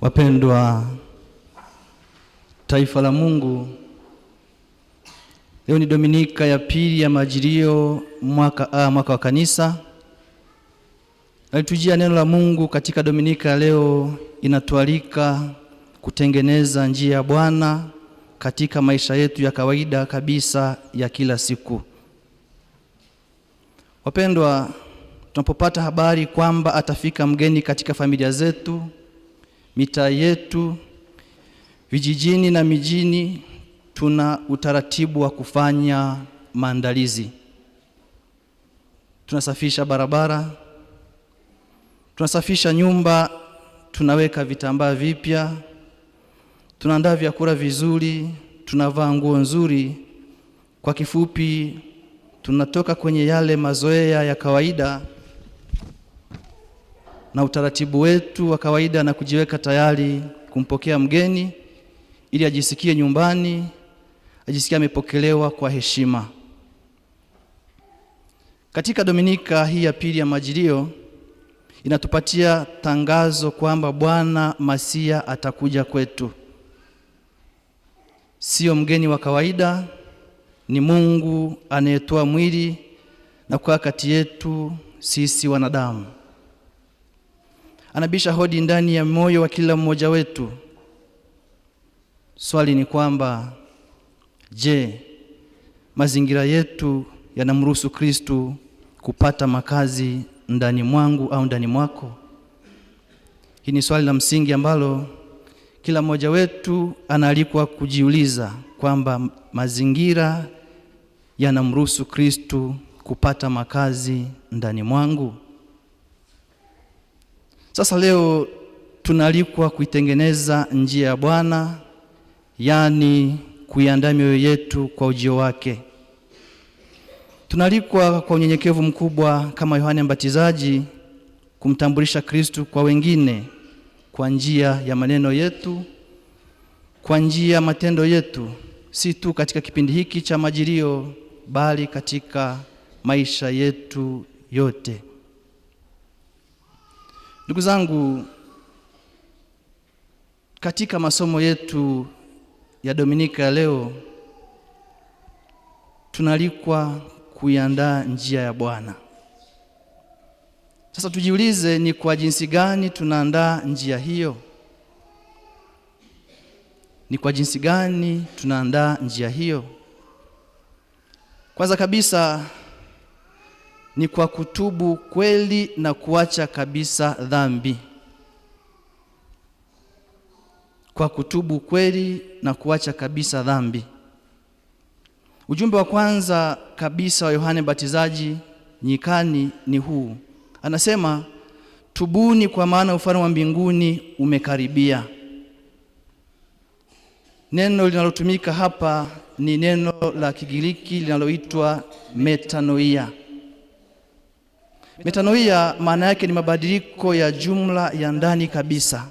Wapendwa taifa la Mungu, leo ni Dominika ya pili ya Majilio mwaka a, ah, mwaka wa Kanisa. Liturujia neno la Mungu katika Dominika ya leo inatualika kutengeneza njia ya Bwana katika maisha yetu ya kawaida kabisa ya kila siku. Wapendwa, tunapopata habari kwamba atafika mgeni katika familia zetu mitaa yetu, vijijini na mijini, tuna utaratibu wa kufanya maandalizi. Tunasafisha barabara, tunasafisha nyumba, tunaweka vitambaa vipya, tunaandaa vyakula vizuri, tunavaa nguo nzuri. Kwa kifupi, tunatoka kwenye yale mazoea ya kawaida na utaratibu wetu wa kawaida na kujiweka tayari kumpokea mgeni ili ajisikie nyumbani, ajisikie amepokelewa kwa heshima. Katika Dominika hii ya pili ya Majilio inatupatia tangazo kwamba Bwana Masia atakuja kwetu. Sio mgeni wa kawaida, ni Mungu anayetoa mwili na kukaa kati yetu sisi wanadamu anabisha hodi ndani ya moyo wa kila mmoja wetu. Swali ni kwamba je, mazingira yetu yanamruhusu Kristu kupata makazi ndani mwangu au ndani mwako? Hii ni swali la msingi ambalo kila mmoja wetu anaalikwa kujiuliza kwamba mazingira yanamruhusu Kristu kupata makazi ndani mwangu. Sasa leo tunalikwa kuitengeneza njia ya Bwana, yaani kuiandaa mioyo yetu kwa ujio wake. tunalikwa kwa unyenyekevu mkubwa kama Yohane Mbatizaji kumtambulisha Kristu kwa wengine kwa njia ya maneno yetu, kwa njia ya matendo yetu, si tu katika kipindi hiki cha Majilio, bali katika maisha yetu yote. Ndugu zangu, katika masomo yetu ya Dominika ya leo tunalikwa kuiandaa njia ya Bwana. Sasa tujiulize, ni kwa jinsi gani tunaandaa njia hiyo? Ni kwa jinsi gani tunaandaa njia hiyo? Kwanza kabisa ni kwa kutubu kweli na kuacha kabisa dhambi. Kwa kutubu kweli na kuacha kabisa dhambi. Ujumbe wa kwanza kabisa wa Yohane Mbatizaji nyikani ni huu, anasema tubuni, kwa maana ufalme wa mbinguni umekaribia. Neno linalotumika hapa ni neno la Kigiriki linaloitwa metanoia. Metanoia maana yake ni mabadiliko ya jumla ya ndani kabisa.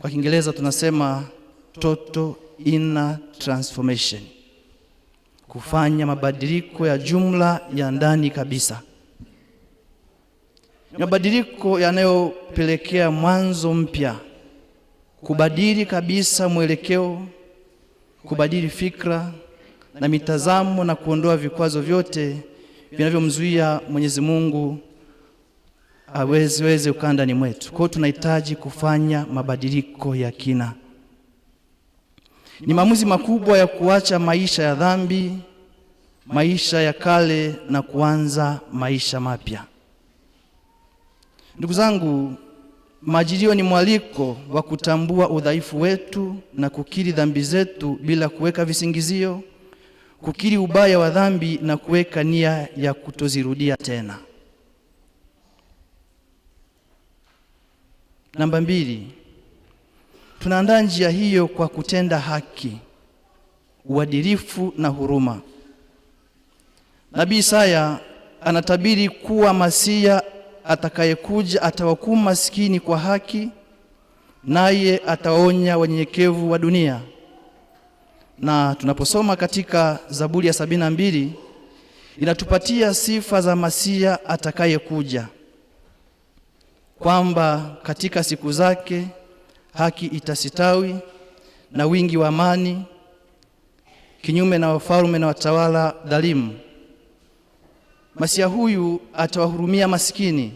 Kwa Kiingereza tunasema total inner transformation, kufanya mabadiliko ya jumla ya ndani kabisa, mabadiliko yanayopelekea mwanzo mpya, kubadili kabisa mwelekeo, kubadili fikra na mitazamo na kuondoa vikwazo vyote vinavyomzuia Mwenyezi Mungu aweziweze kukaa ndani mwetu. Kwa hiyo tunahitaji kufanya mabadiliko ya kina. Ni maamuzi makubwa ya kuacha maisha ya dhambi, maisha ya kale na kuanza maisha mapya. Ndugu zangu, majilio ni mwaliko wa kutambua udhaifu wetu na kukiri dhambi zetu bila kuweka visingizio kukiri ubaya wa dhambi na kuweka nia ya kutozirudia tena. Namba mbili, tunaandaa njia hiyo kwa kutenda haki, uadilifu na huruma. Nabii Isaya anatabiri kuwa Masia atakayekuja atawahukumu maskini kwa haki, naye atawaonya wanyenyekevu wa dunia na tunaposoma katika Zaburi ya sabini na mbili inatupatia sifa za Masia atakayekuja, kwamba katika siku zake haki itasitawi na wingi wa amani, kinyume na wafalme na watawala dhalimu. Masia huyu atawahurumia masikini,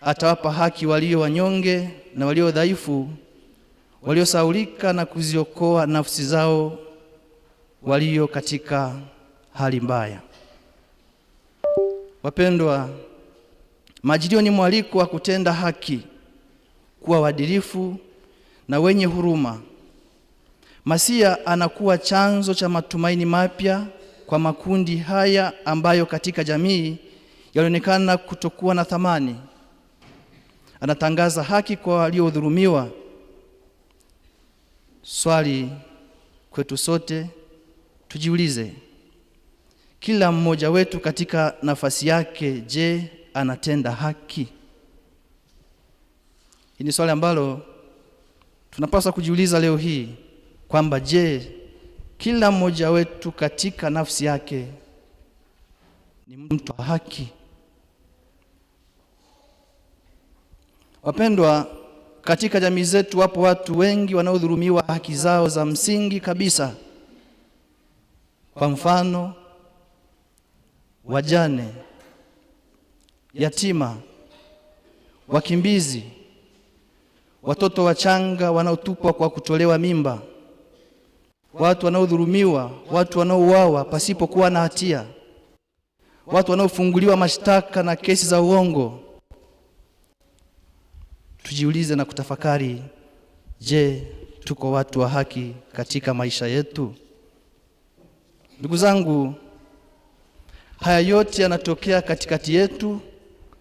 atawapa haki walio wanyonge na walio dhaifu waliosaulika na kuziokoa nafsi zao walio katika hali mbaya. Wapendwa, majilio ni mwaliko wa kutenda haki, kuwa waadilifu na wenye huruma. Masia anakuwa chanzo cha matumaini mapya kwa makundi haya ambayo katika jamii yalionekana kutokuwa na thamani. Anatangaza haki kwa waliodhulumiwa Swali kwetu sote, tujiulize kila mmoja wetu katika nafasi yake, je, anatenda haki? Hii ni swali ambalo tunapaswa kujiuliza leo hii kwamba je, kila mmoja wetu katika nafsi yake ni mtu wa haki? Wapendwa katika jamii zetu wapo watu wengi wanaodhulumiwa haki zao za msingi kabisa. Kwa mfano, wajane, yatima, wakimbizi, watoto wachanga wanaotupwa kwa kutolewa mimba, watu wanaodhulumiwa, watu wanaouawa pasipokuwa na hatia, watu wanaofunguliwa mashtaka na kesi za uongo tujiulize na kutafakari, je, tuko watu wa haki katika maisha yetu? Ndugu zangu, haya yote yanatokea katikati yetu,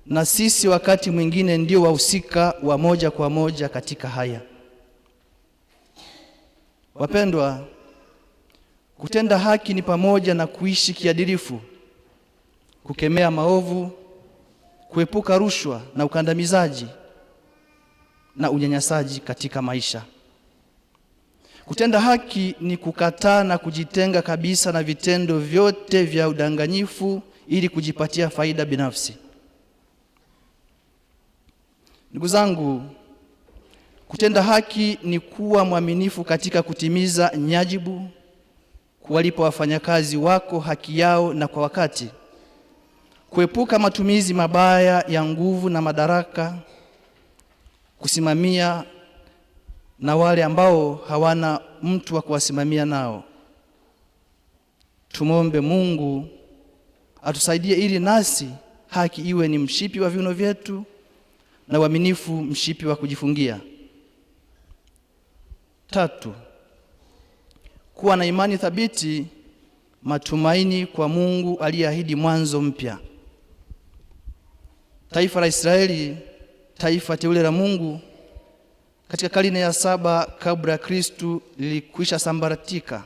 na sisi wakati mwingine ndio wahusika wa moja kwa moja katika haya. Wapendwa, kutenda haki ni pamoja na kuishi kiadilifu, kukemea maovu, kuepuka rushwa na ukandamizaji, na unyanyasaji katika maisha. Kutenda haki ni kukataa na kujitenga kabisa na vitendo vyote vya udanganyifu ili kujipatia faida binafsi. Ndugu zangu, kutenda haki ni kuwa mwaminifu katika kutimiza nyajibu, kuwalipa wafanyakazi wako haki yao na kwa wakati, kuepuka matumizi mabaya ya nguvu na madaraka kusimamia na wale ambao hawana mtu wa kuwasimamia nao. Tumwombe Mungu atusaidie ili nasi haki iwe ni mshipi wa viuno vyetu na uaminifu mshipi wa kujifungia. Tatu, kuwa na imani thabiti, matumaini kwa Mungu aliyeahidi mwanzo mpya. Taifa la Israeli taifa teule la Mungu katika karne ya saba kabla ya Kristu lilikwisha sambaratika.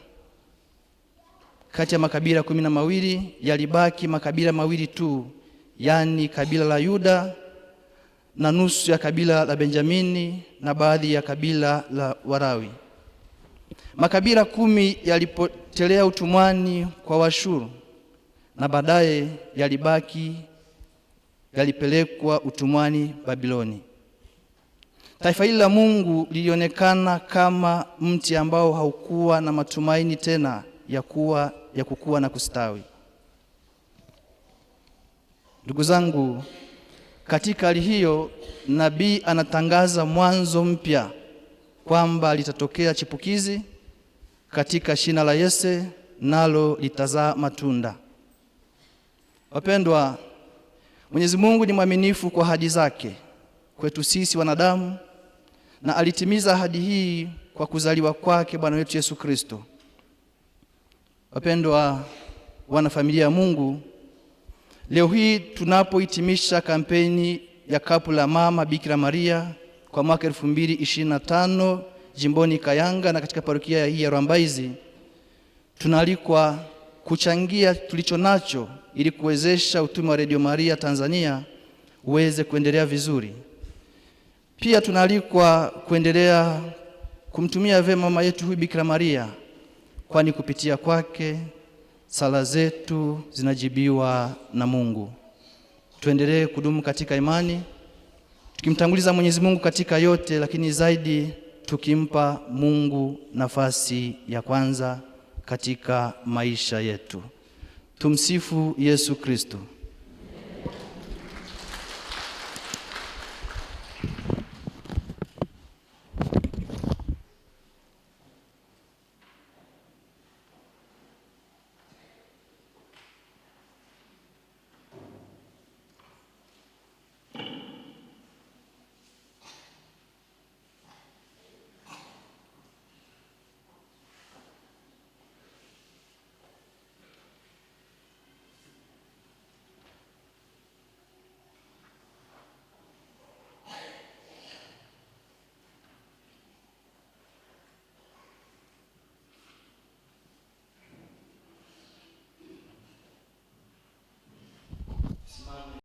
Kati ya makabila kumi na mawili yalibaki makabila mawili tu, yaani kabila la Yuda na nusu ya kabila la Benjamini na baadhi ya kabila la Warawi. Makabila kumi yalipotelea utumwani kwa Washuru na baadaye yalibaki yalipelekwa utumwani Babiloni. Taifa hili la Mungu lilionekana kama mti ambao haukuwa na matumaini tena ya kuwa ya kukua na kustawi. Ndugu zangu, katika hali hiyo nabii anatangaza mwanzo mpya kwamba litatokea chipukizi katika shina la Yese nalo litazaa matunda. Wapendwa, Mwenyezi Mungu ni mwaminifu kwa ahadi zake kwetu sisi wanadamu, na alitimiza ahadi hii kwa kuzaliwa kwake Bwana wetu Yesu Kristo. Wapendwa wanafamilia ya Mungu, leo hii tunapohitimisha kampeni ya Kapu la Mama Bikira Maria kwa mwaka 2025 jimboni Kayanga na katika parokia hii ya Rwambaizi tunaalikwa kuchangia tulicho nacho ili kuwezesha utume wa Radio Maria Tanzania uweze kuendelea vizuri. Pia tunaalikwa kuendelea kumtumia vema mama yetu huyu Bikira Maria, kwani kupitia kwake sala zetu zinajibiwa na Mungu. Tuendelee kudumu katika imani tukimtanguliza Mwenyezi Mungu katika yote, lakini zaidi tukimpa Mungu nafasi ya kwanza katika maisha yetu. Tumsifu Yesu Kristo.